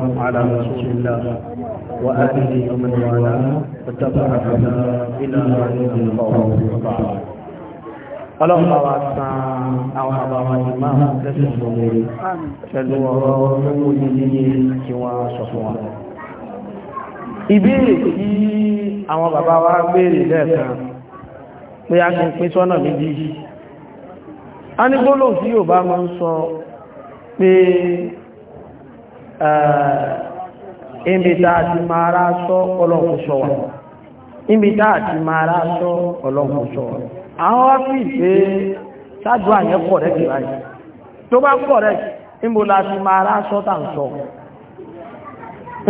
على رسول الله وآله ومن والاه واتبع هداه إلى يوم القيامة Ọlọ́run bá wa san àwọn àbáwá ìmáà lẹ́sìn ìgbòmìnirí pẹ̀lú ọ̀rọ̀ owó nílé kí wọ́n sọ fún wa. Ìbéèrè tí àwọn bàbá wa béèrè lẹ́ẹ̀kan pé a kìí pín sọ́nà méjì. A ní gbólóhùn tí Yorùbá máa ń sọ pé ìbìtà eh, àti máa rá sọ ọlọ́run sọ wà ìbìtà àti máa rá sọ ọlọ́run sọ wà àwọn wá fi ìpé ṣáàdù àyẹ́ kọ̀rẹ́kì báyìí tó bá kọ̀rẹ́kì ìmòlà ti máa rá sọ tàǹsọ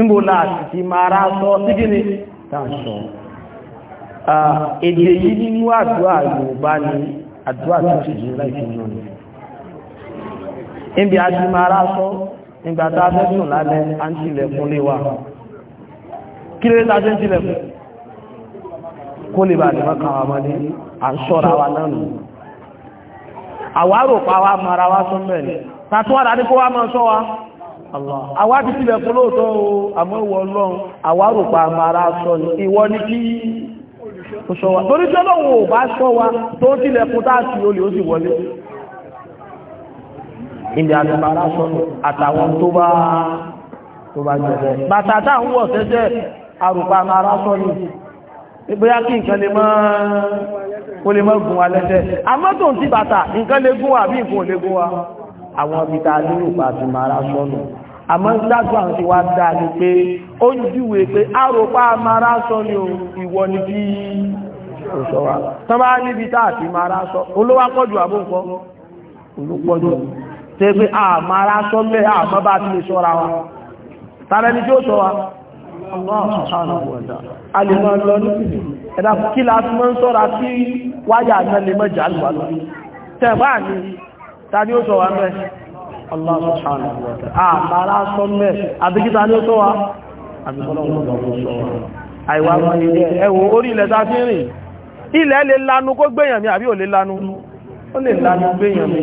ìmòlà ti máa rá sọ sígíní tàǹsọ èdè yìí nínú àdúrà Yorùbá ni àdúrà tó sì ní láìpínlẹ̀ ìbí àti máa rá sọ nígbà tá a fẹ́ sùn lálẹ́ à ń tilẹ̀kùn lé wa kí ló dé tá a fẹ́ ń tilẹ̀kùn kó lè bàa nìmọ̀ kan àwọn ọmọdé à ń ṣọ́ra wa náà nù àwárò pa wa mara wa sún bẹ́ẹ̀ ni ní kó wa máa ṣọ́ wa àwárò ibi àtàbàrà sọ́nù àtàwọn tó bá tó bá jẹ̀bẹ̀ bàtà táwọn wọ̀ sẹ́sẹ́ àrùpa ara sọ́nù ìgbéyà kí nǹkan lè máa kó lè máa gùn wa lẹ́sẹ̀ àmọ́ tó ń ti bàtà nǹkan lè gún wa bí nǹkan ò lè gún wa àwọn ibi tá a lérò pa àti mara sọ́nù àmọ́ dágbà ti wá dáa ni pé ó ń júwe pé àròpá mara sọ́nù ìwọ ni bí òṣọ́wà tán bá níbi tá àti mara sọ olówá pọ̀jù olúpọ̀jù tẹ́ pé àmà ara sọ́lẹ̀ àmà bá ti lè ṣọ́ra wa tàbí ẹni tí ó sọ wa alìmọ̀ lọ ní ẹ̀dà kí la fi mọ́ ń sọ́ra tí wáyà náà lè mọ́jà àìwà ẹwọ orí ilẹ̀ tá rìn ilẹ̀ lè lanu kó gbéyàn mi àbí ò lè lanu ó lè lanu gbéyàn mi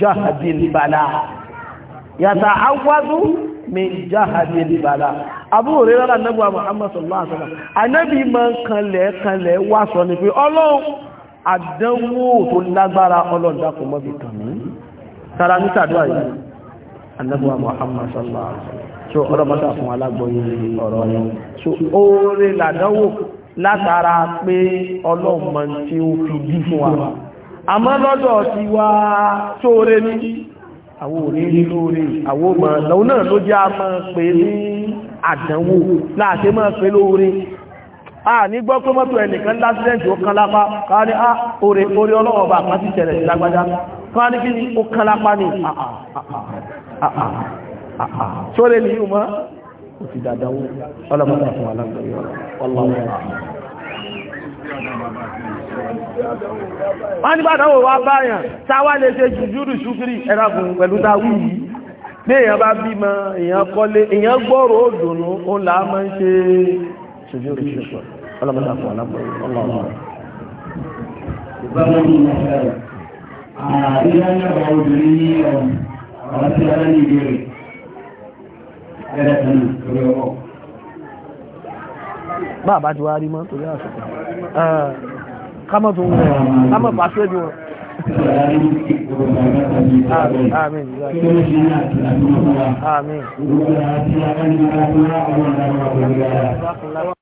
jahadil bala yàtà awádú min jahadil bala abúrò rẹ̀ rárá nẹ́gbà muhammad sallallahu alaihi wasallam anábì ma ń kanlẹ̀ kanlẹ̀ wá sọ ní pé ọlọ́run àdánwò tó lágbára ọlọ́run dákun mọ́bì kàn mí tara ní sàdúrà yìí anábì muhammad sallallahu alaihi wasallam so ọ̀rọ̀ mọ́ta fún alágbóyè ọ̀rọ̀ yẹn so oore làdánwò látara pé ọlọ́run mọ́ tí ó fi dí fún wa àmọ́ lọ́jọ́ ti wá tóore ní àwọn òní lóore àwọn ọmọ lọ́wọ́ náà ló jẹ́ a pé ní àdánwò mọ́ pé a ní gbọ́ mọ́tò ẹnìkan lásìlẹ̀ntì ó kán lápá ká ní á ah, oore oore ọlọ́wọ́ pàtí tẹ̀lẹ̀ sí ni wọ́n ní bàtà wò wá báyàn táwà lè ṣe jùjúrù ṣúkiri ẹ̀rakùn pẹ̀lú dáwì yìí ní èyàn bá bímọ èyàn kọ́lé èyàn gbọ́rọ̀ òdùnú ó là á máa ń ṣe jùjúrù ṣúkiri ọlọ́mọdé àpò alábọ̀ ọlọ́run Àwọn tí a rẹ̀ ní ìbéèrè, ẹ̀rẹ̀ kan ní orí ọwọ́. Bá àbájú wá rí mọ́ torí àṣùkò. Ah. kámọ̀ tó wọ̀ kámọ̀ pàṣẹ bí wọn. Àmín. Ah, Àmín.